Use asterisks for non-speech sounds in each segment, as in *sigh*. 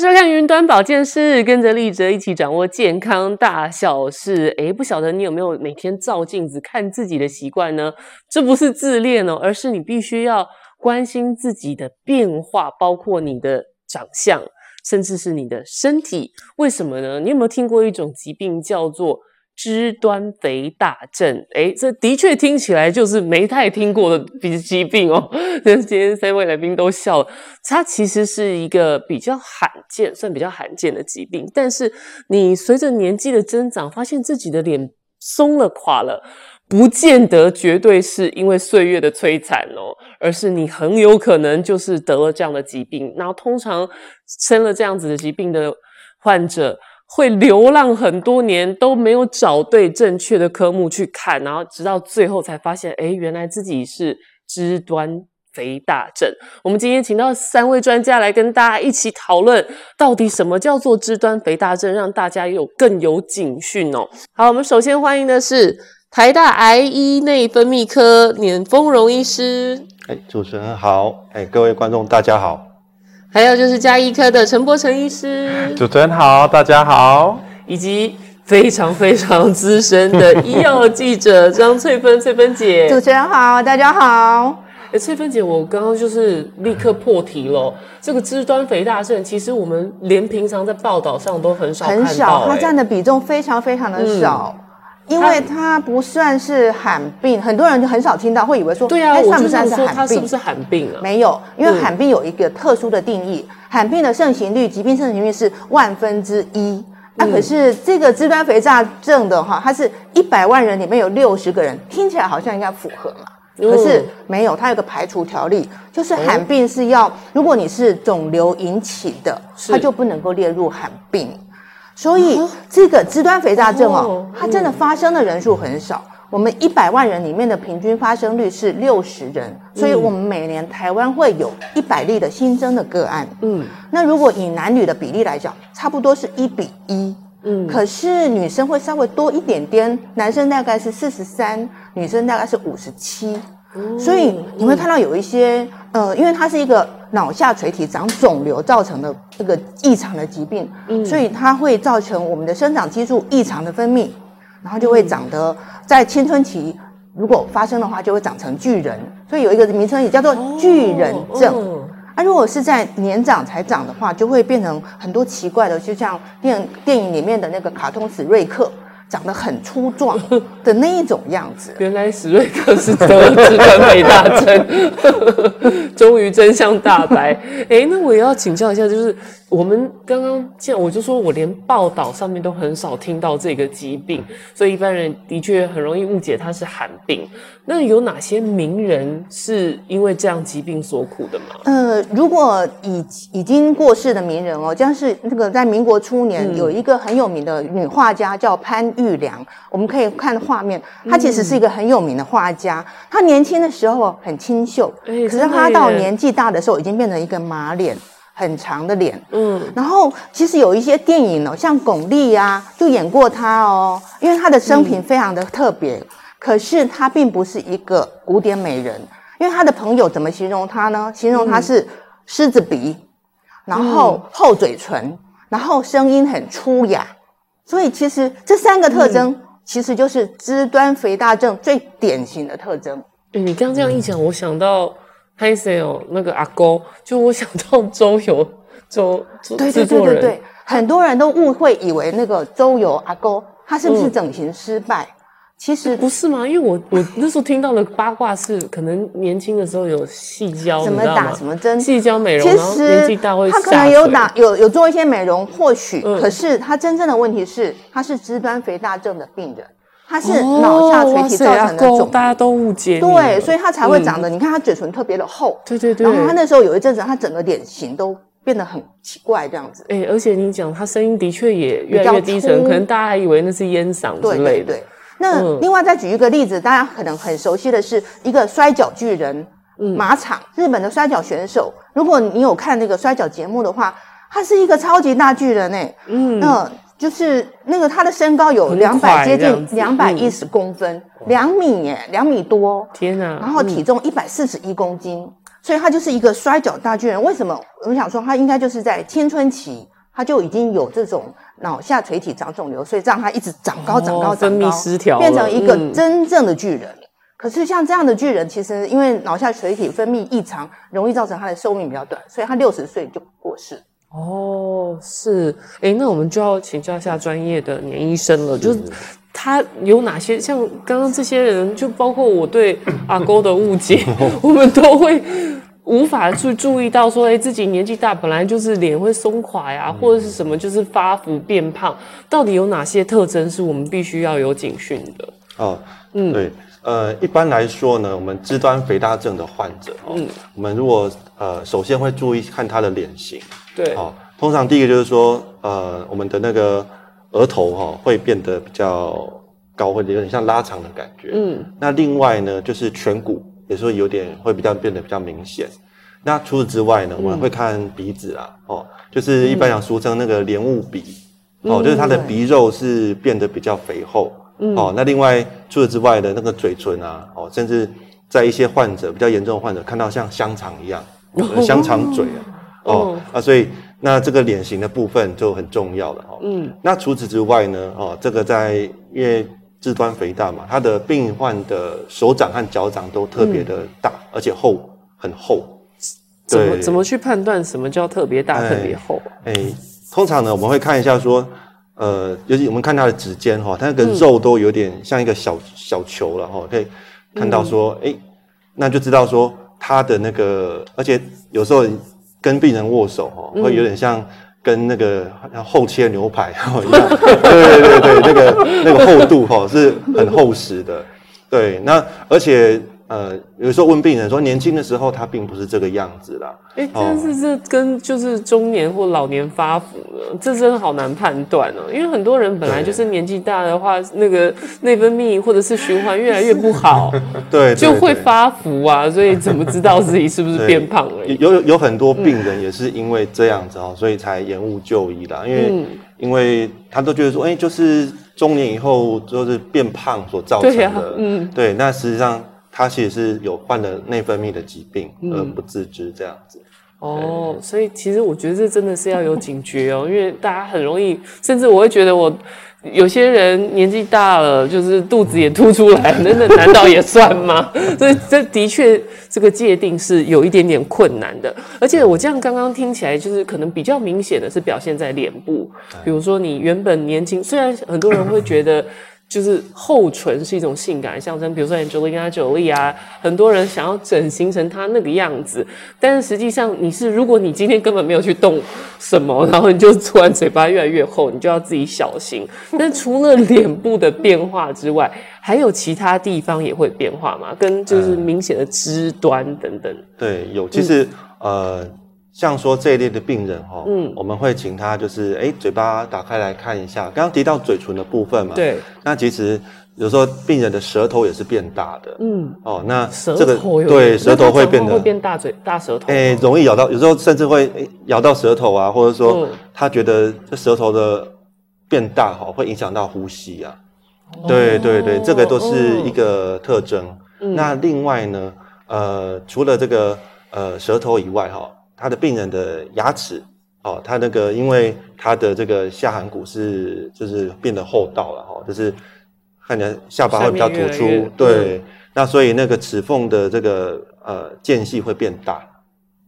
收看雲端保健室，跟着立喆一起掌握健康大小事。誒，不曉得你有沒有每天照鏡子看自己的習慣呢？這不是自戀哦，而是你必須要關心自己的變化，包括你的長相，甚至是你的身體。為什麼呢？你有沒有聽過一種疾病叫做？肢端肥大症，欸，這的確聽起來就是沒太聽過的疾病哦。今天三位來賓都笑了。它其實是一個比較罕見，算比較罕見的疾病。但是你隨着年紀的增長，發現自己的臉鬆了、垮了，不見得絕對是因為歲月的摧殘哦，而是你很有可能就是得了這樣的疾病。然後通常生了這樣子的疾病的患者。會流浪很多年都沒有找對正確的科目去看，然後直到最後才發現，誒，原來自己是肢端肥大症。我們今天請到三位專家來跟大家一起討論，到底什麼叫做肢端肥大症，讓大家有更有警訊哦。好，我們首先歡迎的是台大癌醫內分泌科粘峯榕醫師。哎，主持人好，哎，各位觀眾大家好。還有就是家醫科的陳柏臣醫師，主持人好，大家好，以及非常非常資深的醫藥記者張翠芬。 *laughs* 翠芬姐，主持人好，大家好。欸、翠芬姐，我剛剛就是立刻破題咯。這個肢端肥大症，其實我們連平常在報道上都很少、欸，很少，它占的比重非常非常的少。嗯因為它不算是罕病，很多人就很少聽到，會以為說，對啊，欸、算不算是罕病？是，他是不是罕病啊？沒有，因為罕病有一個特殊的定義，罕、嗯、病的盛行率，疾病盛行率是萬分之一。那、啊嗯、可是這個肢端肥大症的話，它是一百萬人裡面有六十個人，聽起來好像應該符合嘛。可是沒有，它有個排除條例，就是罕病是要，嗯、如果你是腫瘤引起的，是它就不能夠列入罕病。所以這個肢端肥大症哦，哦哦它真的發生的人數很少。嗯，我們一百萬人裡面的平均發生率是六十人，嗯，所以我們每年台灣會有一百例的新增的個案。嗯，那如果以男女的比例來講，差不多是一比一。嗯，可是女生會稍微多一點點，男生大概是四十三，女生大概是五十七。所以你會看到有一些呃，因為它是一個。腦下垂體長腫瘤造成的這個異常的疾病，嗯、所以它會造成我們的生長激素異常的分泌，然後就會長得在青春期如果發生的話，就會長成巨人，所以有一個名稱也叫做巨人症。哦哦、啊，如果是在年長才長的話，就會變成很多奇怪的，就像電電影裡面的那個卡通史瑞克。長得很粗壯的那一種樣子， *laughs* 原來史瑞克是得了肢端肥大症 *laughs* 終於真相大白。哎、 *laughs* 欸，那我也要請教一下，就是。我們剛剛講，我就說我連報道上面都很少聽到這個疾病，所以一般人的確很容易誤解它是罕病。那有哪些名人是因為這樣疾病所苦的嗎？呃，如果已已經過世的名人哦，像是那個在民國初年，嗯、有一個很有名的女畫家叫潘玉良，我們可以看畫面，她其實是一個很有名的畫家，她，嗯、年輕的時候很清秀，欸，可是她到年紀大的時候已經變成一個馬臉。嗯很長的臉，嗯，然後其實有一些電影呢、哦，像鞏俐啊，就演過她哦。因為她的生平非常的特別，嗯、可是她並不是一個古典美人，因為她的朋友怎麼形容她呢？形容她是獅子鼻，嗯、然後厚嘴唇，嗯、然後聲音很粗啞。所以其實這三個特徵，其實就是肢端肥大症最典型的特徵。嗯、對，你剛這樣一講，我想到。還有那個阿勾，就我想到周遊周，周對對對對對，很多人都誤會以為那個周遊阿勾他是不是整形失敗，嗯、其實不是嗎？因為我我那時候聽到的八卦是，可能年輕的時候有細膠， *laughs* 怎麼打什麼針，細膠美容，其實年紀大會他可能有打有有做一些美容，或許，嗯、可是他真正的問題是，他是肢端肥大症的病人。他是腦下垂體造成的腫、啊，大家都誤解。對，所以他才會長得。嗯、你看他嘴唇特別的厚。對，對對對。然後他那時候有一陣子，他整個臉型都變得很奇怪，這樣子。哎、欸，而且你講他聲音的確也越來越低沉，可能大家還以為那是菸嗓之類的。對對對。那另外再舉一個例子，嗯、大家可能很熟悉的是一個摔角巨人——馬場，日本的摔角選手。如果你有看那個摔角節目的話，他是一個超級大巨人誒、欸。嗯。那。就是那個他的身高有兩百接近兩百一十公分，兩、嗯、米耶，兩米多。天啊哪，然後體重一百四十一公斤，嗯、所以他就是一個摔角大巨人。為什麼？我們想說他應該就是在青春期他就已經有這種腦下垂體長腫瘤，所以讓他一直長高、哦、長高、長高，分泌失調，變成一個真正的巨人。嗯、可是像這樣的巨人，其實因為腦下垂體分泌異常，容易造成他的壽命比較短，所以他六十歲就過世。哦，是，哎、欸，那我們就要請教一下專業的粘醫生了，是的就是他有哪些像剛剛這些人，就包括我對阿公的誤解， *coughs* 我們都會無法去注意到說，哎、欸，自己年紀大本來就是臉會鬆垮呀、啊，嗯、或者是什麼，就是發福變胖，到底有哪些特徵是我們必須要有警訊的？哦，嗯，對。呃，一般來說呢，我們肢端肥大症的患者，嗯、哦，我們如果呃，首先會注意看他的臉型，對、哦，通常第一個就是說，呃，我們的那個額頭哈、哦，會變得比較高，會有點像拉長的感覺，嗯，那另外呢，就是顴骨也說有點會比較變得比較明顯，那除此之外呢，我們會看鼻子啦，嗯、哦，就是一般講俗稱那個蓮霧鼻，嗯、哦，就是他的鼻肉是變得比較肥厚，嗯、哦，那另外。除此之外的那個嘴唇啊，哦，甚至在一些患者比較嚴重的患者看到像香腸一樣，哦、香腸嘴啊，哦，那、哦啊、所以那這個臉型的部分就很重要了啊。嗯，那除此之外呢，哦，這個在因為肢端肥大嘛，他的病患的手掌和腳掌都特別的大，嗯、而且厚很厚、對。怎麼怎麼去判斷什麼叫特別大、欸、特別厚、欸？通常呢，我們會看一下說。呃，尤其我們看他的指尖哈，他那個肉都有點像一個小、嗯、小球了哈，可以看到說，誒、嗯欸，那就知道說他的那個，而且有時候跟病人握手哈，會有點像跟那個厚切牛排哈，一樣，對對對，那個那個厚度哈是很厚實的，對，那而且。呃，有時候問病人說，年輕的時候他並不是這個樣子啦。哎、哦欸，這是這跟就是中年或老年發福了、啊，這真的好難判斷哦、啊。因為很多人本來就是年紀大的話，對那個內分泌或者是循環越來越不好，對是， *laughs* 就會發福啊。所以怎麼知道自己是不是變胖了？有有很多病人也是因為這樣子哦，嗯、所以才延誤就醫的。因為、嗯、因為他都覺得說，哎、欸，就是中年以後就是變胖所造成的。對啊、嗯，對，那實際上。他其實是有患了內分泌的疾病而不自知這樣子、嗯、哦，對所以其實我覺得這真的是要有警覺哦、喔， *laughs* 因為大家很容易，甚至我會覺得我有些人年紀大了，就是肚子也凸出來，嗯、真的難道也算嗎？ *laughs* 所以這的確這個界定是有一點點困難的，而且我這樣剛剛聽起來就是可能比較明顯的是表現在臉部，對比如說你原本年輕，雖然很多人會覺得。就是厚唇是一種性感的象徵，比如說 Angelina Jolie 啊，很多人想要整形成他那個樣子。但是實際上，你是如果你今天根本沒有去動什麼，然後你就突然嘴巴越來越厚，你就要自己小心。那除了臉部的變化之外，還有其他地方也會變化嗎？跟就是明顯的肢端等等。呃、對，有其實、嗯、呃。像說這一類的病人哈、哦，嗯，我們會請他就是誒，嘴巴打開來看一下，剛剛提到嘴唇的部分嘛，對，那其實有時候病人的舌頭也是變大的，嗯，哦，那這個舌頭對，舌頭會變得會變得大嘴大舌頭，哎，容易咬到，有時候甚至會咬到舌頭啊，或者說他覺得這舌頭的變大哈、哦、會影響到呼吸啊。嗯、對對對，對，這個都是一個特徵。嗯、那另外呢，呃，除了這個呃舌頭以外哈、哦。他的病人的牙齒，哦，他那個因為他的這個下頜骨是就是變得厚道了哈、哦，就是看起來下巴會比較突出，越越對，嗯、那所以那個齒縫的這個呃間隙會變大。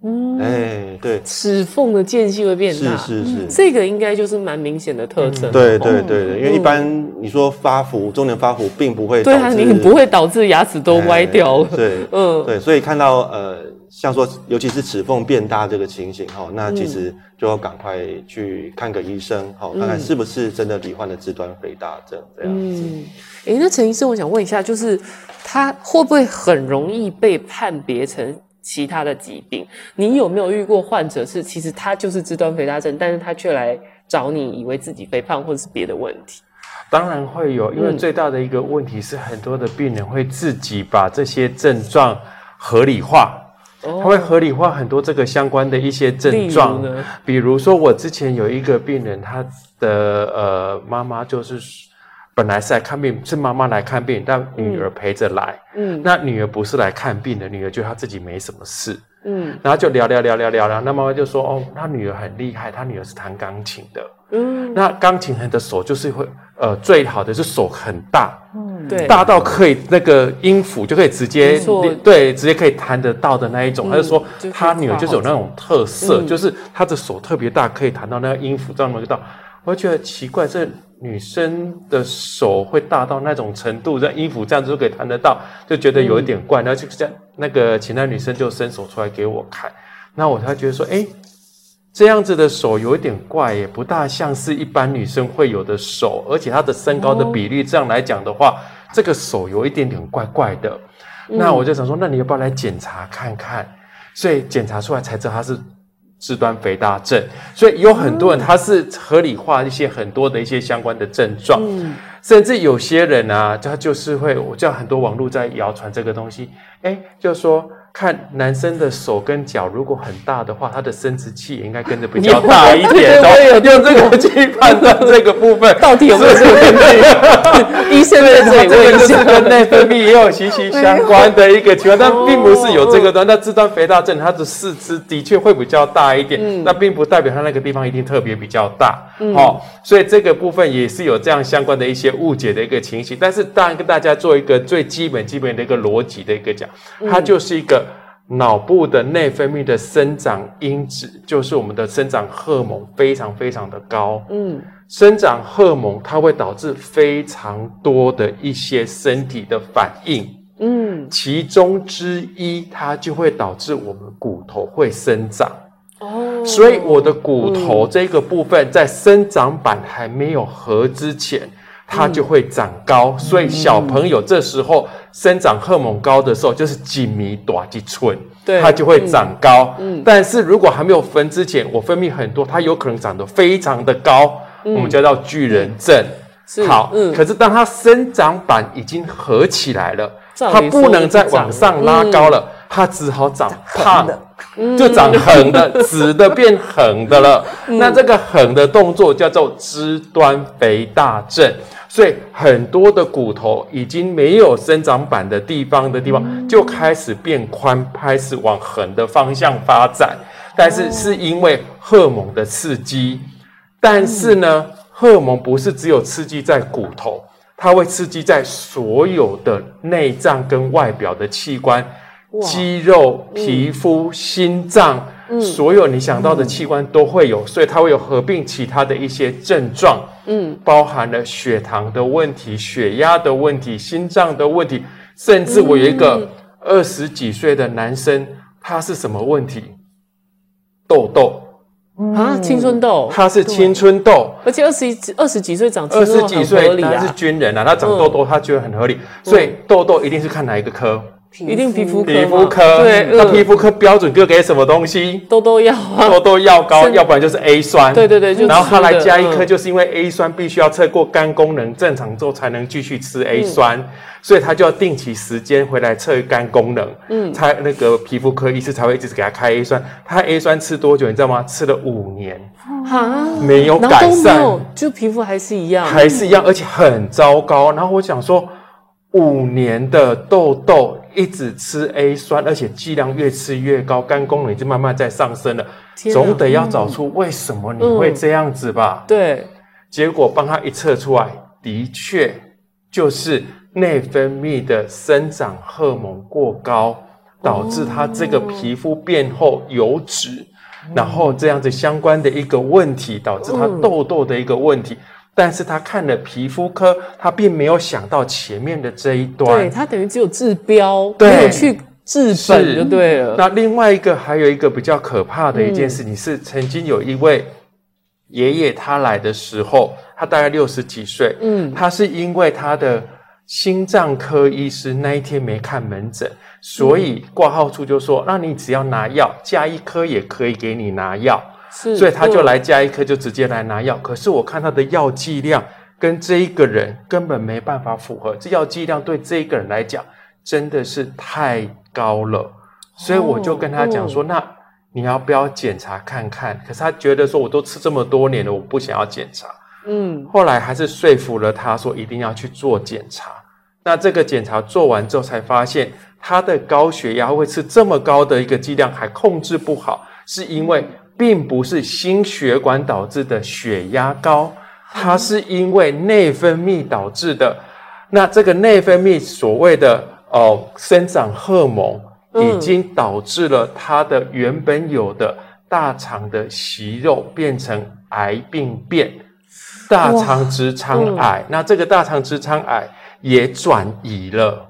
嗯，哎、欸，對，齒縫的間隙會變大，是是是，嗯、這個應該就是蠻明顯的特徵。對、嗯、對對對，因為一般你說發福，中年發福並不會，對啊，你不會導致牙齒都歪掉，、欸，、對，嗯，對，所以看到呃，像說尤其是齒縫變大這個情形哈，那其實就要趕快去看個醫生哈，嗯、看看是不是真的罹患了肢端肥大症這樣子。嗯，哎、欸，那陳醫生，我想問一下，就是他會不會很容易被判別成，其他的疾病，你有沒有遇過患者是其實他就是肢端肥大症，但是他卻來找你，以為自己肥胖或者是別的問題？當然會有，嗯、因為最大的一個問題是很多的病人會自己把這些症狀合理化，oh, 他會合理化很多這個相關的一些症狀，例如呢？比如說我之前有一個病人，他的呃媽媽就是。本來是來看病，是媽媽來看病，但女兒陪着來。嗯，嗯那女兒不是來看病的，女兒覺得她自己沒什麼事。嗯，然後就聊聊聊聊聊聊。那媽媽就說：“哦，她女兒很厲害，她女兒是彈鋼琴的。嗯，那鋼琴人的手就是會，呃，最好的是手很大。嗯，對，大到可以那個音符就可以直接，嗯、對，對，直接可以彈得到的那一種。她就、嗯、說，她女兒就是有那種特色，就是，嗯、就是她的手特別大，可以彈到那個音符這樣的一，這麼、嗯、就到。”我覺得奇怪，這女生的手會大到那種程度，這衣服這樣子都可以彈得到，就覺得有一點怪。然後、嗯、就這樣，那個其他女生就伸手出來給我看，那我才覺得說，哎，這樣子的手有一點怪，也不大像是一般女生會有的手，而且她的身高的比例、哦、這樣來講的話，這個手有一點點怪怪的。那我就想說，那你要不要來檢查看看？所以檢查出來才知道她是，肢端肥大症，所以有很多人他是合理化一些很多的一些相關的症狀，嗯，甚至有些人啊，他就是會，我叫很多網絡在謠傳這個東西，哎，就是說。看男生的手跟腳，如果很大的話，他的生殖器也應該跟着比較大一點。我也有用這個去判斷這個部分到底有沒有這個病。醫生的講，也是跟內分泌也有息息相關的一個情況，但並不是有這個端。那肢端肥大症，它的四肢的確會比較大一點，那並不代表他那個地方一定特別比較大。好，所以這個部分也是有這樣相關的一些誤解的一個情形。但是當然跟大家做一個最基本，基本的一個邏輯的一個講，它就是一個。腦部的內分泌的生長因子，就是我們的生長荷蒙，非常非常的高。嗯，生長荷蒙它會導致非常多的一些身體的反應。嗯，其中之一，它就會導致我們骨頭會生長。哦，oh, 所以我的骨頭這個部分在生長板還沒有合之前，它就會長高。嗯，所以小朋友這時候。生長荷爾蒙高的時候，就是幾米短幾寸，對，它就會長高。嗯，但是如果還沒有分之前，我分泌很多，它有可能長得非常的高，我們叫它巨人症。好，嗯，可是當它生長板已經合起來了，它不能再往上拉高了，它只好長胖的，就長橫的、直的變橫的了。那這個橫的動作叫做肢端肥大症。所以很多的骨頭已經沒有生長板的地方的地方就開始變寬，嗯、開始往橫的方向發展。但是是因為荷爾蒙的刺激，哦、但是呢，嗯、荷爾蒙不是只有刺激在骨頭，它會刺激在所有的內臟跟外表的器官、哇肌肉、嗯、皮膚、心臟。所有你想到的器官都會有，嗯、所以它會有合併其他的一些症狀，嗯，包含了血糖的問題、血壓的問題、心臟的問題，甚至我有一個二十幾歲的男生，嗯、他是什麼問題？痘痘啊，青春痘，他是青春痘、嗯，而且二十幾二十幾歲長痘痘、啊，二十幾歲他是軍人啊，他長痘痘，他覺得很合理，嗯、所以痘痘一定是看哪一個科？一定皮膚科，皮膚科，對。那皮膚科標準各給什麼東西？痘痘藥，痘痘藥膏，要不然就是 A 酸。對對對，然後他來加一顆，就是因為 A 酸必須要測過肝功能正常之後才能繼續吃 A 酸，所以他就要定期時間回來測肝功能。嗯，才那個皮膚科醫師才會一直給他開 A 酸。他 A 酸吃多久？你知道嗎？吃了五年啊，沒有改善，就皮膚還是一樣，還是一樣，而且很糟糕。然後我想說，五年的痘痘。一直吃 A 酸，而且劑量越吃越高，肝功能就慢慢在上升了。啊、總得要找出為什麼你會這樣子吧？嗯嗯、對，結果幫他一測出來，的確就是內分泌的生長荷爾蒙過高，導致他這個皮膚變厚、哦、油脂，嗯、然後這樣子相關的一個問題，導致他痘痘的一個問題。嗯但是他看了皮膚科，他並沒有想到前面的這一段，對，他等於只有治標，對沒有去治本就對了。那另外一個還有一個比較可怕的一件事情，你、嗯、是曾經有一位爺爺，他來的時候，他大概六十幾歲，嗯，他是因為他的心臟科醫師那一天沒看門診，所以掛號處就說，嗯、那你只要拿藥加一顆也可以給你拿藥。是所以他就來加一顆，就直接來拿藥。對可是我看他的藥劑量跟這一個人根本沒辦法符合，這藥劑量對這一個人來講真的是太高了。哦、所以我就跟他講說：“哦、那你要不要檢查看看？”可是他覺得說：“我都吃這麼多年了，我不想要檢查。”嗯，後來還是說服了他，說一定要去做檢查。那這個檢查做完之後，才發現他的高血壓會吃這麼高的一個劑量還控制不好，是因為、嗯。並不是心血管導致的血壓高，它是因為內分泌導致的。那這個內分泌所謂的哦生長荷爾蒙，已經導致了他的原本有的大腸的息肉變成癌病變，大腸直腸癌。嗯，那這個大腸直腸癌也轉移了。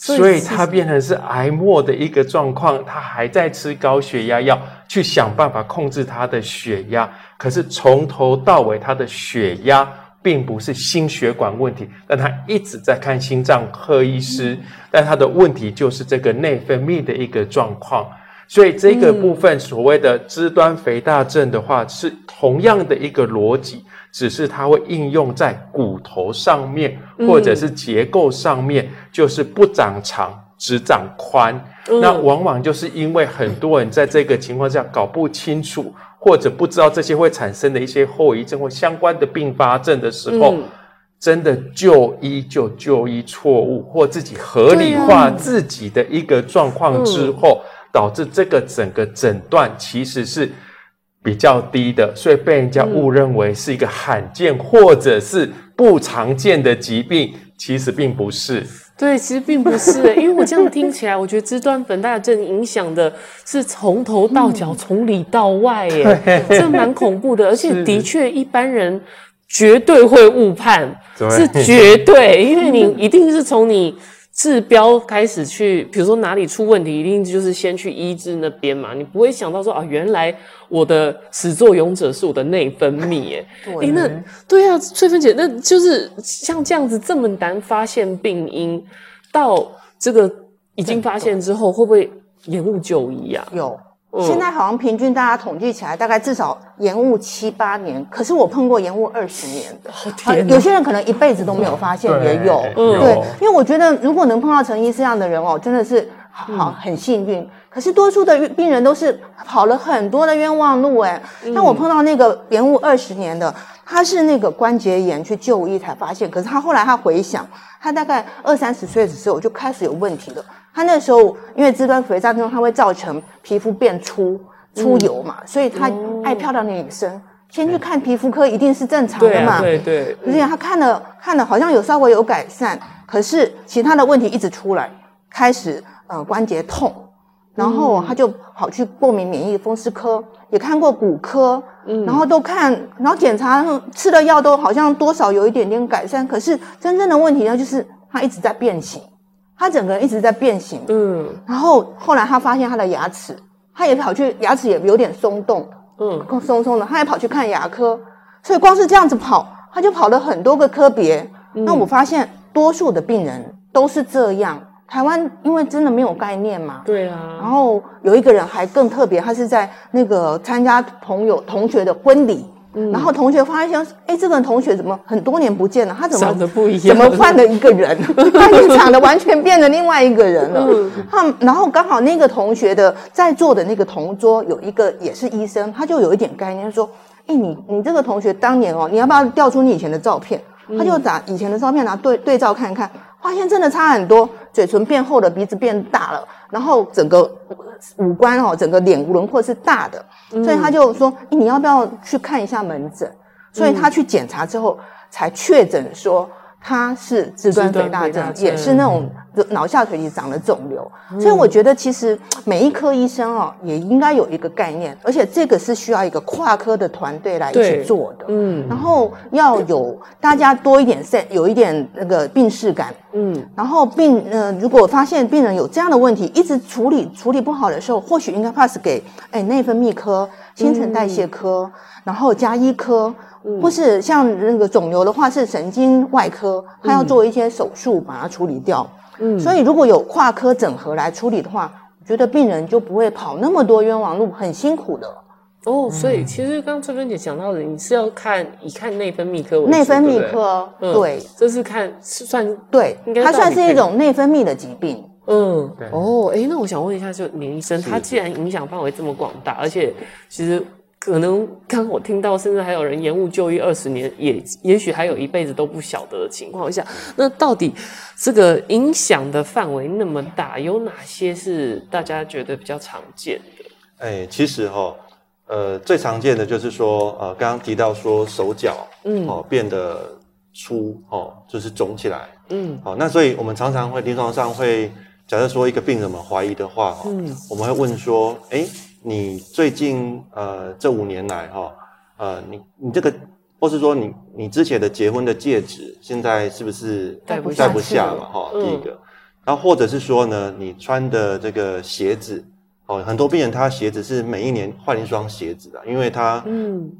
所以他變成是癌末的一個狀況，他還在吃高血壓藥，去想辦法控制他的血壓。可是從頭到尾，他的血壓並不是心血管問題，但他一直在看心臟科醫師，嗯、但他的問題就是這個內分泌的一個狀況。所以這個部分所謂的肢端肥大症的話，是同樣的一個邏輯，只是它會應用在骨頭上面或者是結構上面，就是不長長只長寬。那往往就是因為很多人在這個情況下搞不清楚，或者不知道這些會產生的一些後遺症或相關的併發症的時候，真的就醫就就醫錯誤或自己合理化自己的一個狀況之後。導致這個整個診斷其實是比較低的，所以被人家誤認為是一個罕見或者是不常見的疾病，其實並不是。對，其實並不是。欸，因為我這樣聽起來， *laughs* 我覺得肢端肥大症影響的是從頭到腳，從、嗯、裡到外。欸，耶對，這蠻恐怖的。而且，的確，一般人絕對會誤判，是，是絕對，因為你一定是從你。治標開始去，比如說哪裡出問題，一定就是先去醫治那邊嘛。你不會想到說啊，原來我的始作俑者是我的內分泌耶，誒對耶、欸，那對啊，翠芬姐，那就是像這樣子這麼難發現病因，到這個已經發現之後，會不會延誤就醫啊？有。嗯、現在好像平均大家統計起來大概至少延誤七八年，可是我碰過延誤二十年的，好哪、啊、有些人可能一輩子都沒有發現、哦、也有，嗯、對，有因為我覺得如果能碰到陳醫師這樣的人哦，我真的是好很幸運。嗯、可是多數的病人都是跑了很多的冤枉路哎，嗯、但我碰到那個延誤二十年的，他是那個關節炎去就醫才發現，可是他後來他回想。他大概二三十歲的時候就開始有問題了。他那時候因為肢端肥大症他會造成皮膚變粗，出油嘛，嗯、所以他愛漂亮的女生、嗯、先去看皮膚科，一定是正常的嘛。對、啊、對對，而、嗯、且他看了看了，好像有稍微有改善，可是其他的問題一直出來，開始呃關節痛。然後他就跑去過敏免疫風濕科，嗯、也看過骨科，嗯、然後都看，然後檢查吃了藥都好像多少有一點點改善，可是真正的問題呢，就是他一直在變形，他整個人一直在變形，嗯，然後後來他發現他的牙齒，他也跑去牙齒也有點鬆動，嗯，松松的，他也跑去看牙科，所以光是這樣子跑，他就跑了很多個科別，那、嗯、我發現多數的病人都是這樣。台灣因為真的沒有概念嘛，對啊。然後有一個人還更特別，他是在那個參加朋友同學的婚禮，嗯、然後同學發現，哎、欸，這個同學怎麼很多年不見了？他怎麼長得不一樣了，怎麼換了一個人？發現 *laughs* 長得完全變了另外一個人了。嗯、他然後剛好那個同學的在座的那個同桌有一個也是醫生，他就有一點概念，就是、說，哎、欸，你你這個同學當年哦、喔，你要不要調出你以前的照片？嗯、他就拿以前的照片拿對對照看看，發現真的差很多。嘴唇變厚了，鼻子變大了，然後整個五官哦，整個臉輪廓是大的，嗯、所以他就說、欸、你要不要去看一下門診？所以他去檢查之後才確診說他是肢端肥大症，大症也是那種。腦下垂體長了腫瘤，嗯、所以我覺得其實每一科醫生哦也應該有一個概念，而且這個是需要一個跨科的團隊來一起做的。嗯，然後要有大家多一點、賽對有一點那個病識感。嗯，然後病呃，如果發現病人有這樣的問題，一直處理處理不好的時候，或許應該 pass 給、哎、內分泌科、新陳代謝科，嗯、然後家醫科，嗯、或是像那個腫瘤的話是神經外科，嗯、他要做一些手術把它處理掉。嗯，所以如果有跨科整合來處理的話，我覺得病人就不會跑那麼多冤枉路，很辛苦的。哦，所以其實剛翠芬姐講到的，你是要看一看內分泌科，內分泌科，對，對，嗯、對，這是看算對，應該它算是一種內分泌的疾病。嗯，對哦，哎，那我想問一下，就粘醫生，他是既然影響範圍這麼廣大，而且其實。可能剛我聽到，甚至還有人延誤就醫二十年也，也也許還有一輩子都不曉得的情況下，那到底這個影響的範圍那麼大，有哪些是大家覺得比較常見的？哎、欸，其實哈、哦，呃，最常見的就是說，呃，剛剛提到說手腳，嗯，哦，變得粗，哦，就是腫起來，嗯，好、哦，那所以我們常常會臨床上會，假設說一個病人們懷疑的話，哦、嗯，我們會問說，哎、欸。你最近呃，這五年來哈、哦，呃，你你這個，或是說你你之前的結婚的戒指，現在是不是戴不，不下了？哈，哦嗯、第一個，然後或者是說呢，你穿的這個鞋子，哦，很多病人他鞋子是每一年換一雙鞋子的，因為他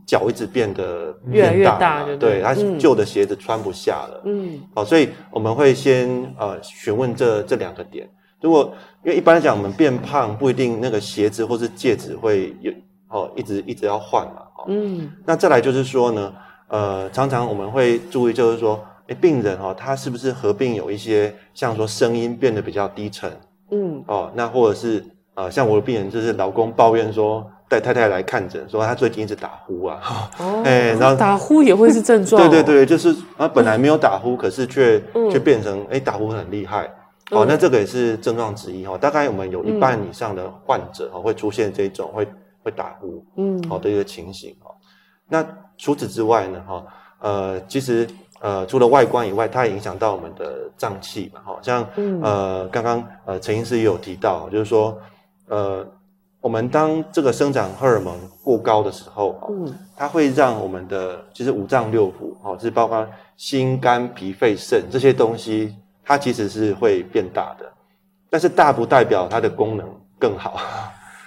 腳一直變得變越來越大，對，對嗯、他舊的鞋子穿不下了。嗯，好、哦，所以我們會先呃詢問這這兩個點。如果因為一般來講，我們變胖不一定那個鞋子或是戒指會有哦，一直一直要換嘛，哦、嗯。那再來就是說呢，呃，常常我們會注意，就是說，誒，病人哦，他是不是合併有一些像說聲音變得比較低沉？嗯。哦，那或者是呃，像我的病人就是老公抱怨說帶太太來看診，說他最近一直打呼啊。哦。哦，誒，然後打呼也會是症狀、哦。對對對，就是啊，本來沒有打呼，嗯、可是卻卻變成哎，打呼很厲害。哦、嗯，那這個也是症狀之一哈，大概我們有一半以上的患者哈，嗯哦，會出現這種會會打呼嗯好，哦、的一個情形哦。那除此之外呢哈，哦、呃，其實呃除了外觀以外，它也影響到我們的臟器嘛哈，哦，像、嗯、呃剛剛呃陳醫師也有提到，就是說呃我們當這個生長荷爾蒙過高的時候，哦、嗯，它會讓我們的其實五臟六腑哈，哦就是包括心肝脾肺腎這些東西。它其實是會變大的，但是大不代表它的功能更好，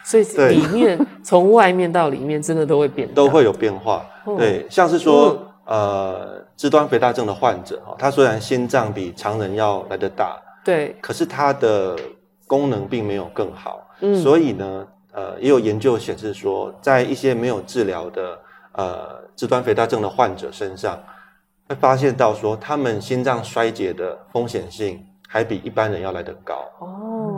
所以裡面 *laughs* 對從外面到裡面真的都會變大，都會有變化。對，嗯、像是說、嗯、呃，肢端肥大症的患者哈，他雖然心臟比常人要來得大，對，可是它的功能並沒有更好。嗯、所以呢，呃，也有研究顯示說，在一些沒有治療的呃肢端肥大症的患者身上。會發現到說，他們心臟衰竭的風險性還比一般人要來得高哦。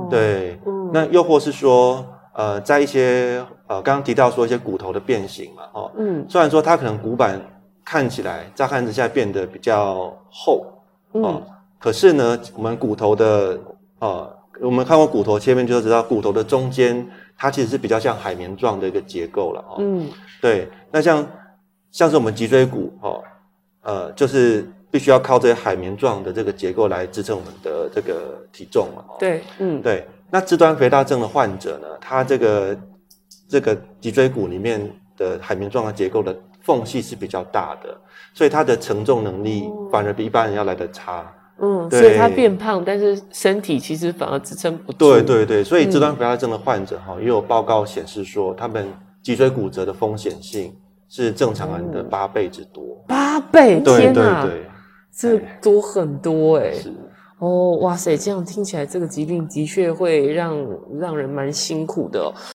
Oh, 對，嗯、那又或是說，呃，在一些呃，剛剛提到說一些骨頭的變形嘛，哦，嗯，雖然說它可能骨板看起來乍看之下變得比較厚，哦、嗯，可是呢，我們骨頭的啊、哦，我們看過骨頭切面就知道，骨頭的中間它其實是比較像海綿狀的一個結構了，哦，嗯，對，那像像是我們脊椎骨，哦。呃，就是必須要靠這些海綿狀的這個結構來支撐我們的這個體重嘛。對，嗯，對。那肢端肥大症的患者呢，他這個這個脊椎骨裡面的海綿狀的結構的縫隙是比較大的，所以他的承重能力反而比一般人要來得差。嗯，對嗯，所以他變胖，但是身體其實反而支撐不住。對對對，所以肢端肥大症的患者哈，嗯、也有報告顯示說，他們脊椎骨折的風險性。是正常人的八倍之多，哦、八倍！天哪、啊，對對對這多很多哎、欸！是哦，哇塞，這樣聽起來，這個疾病的確會讓讓人蠻辛苦的。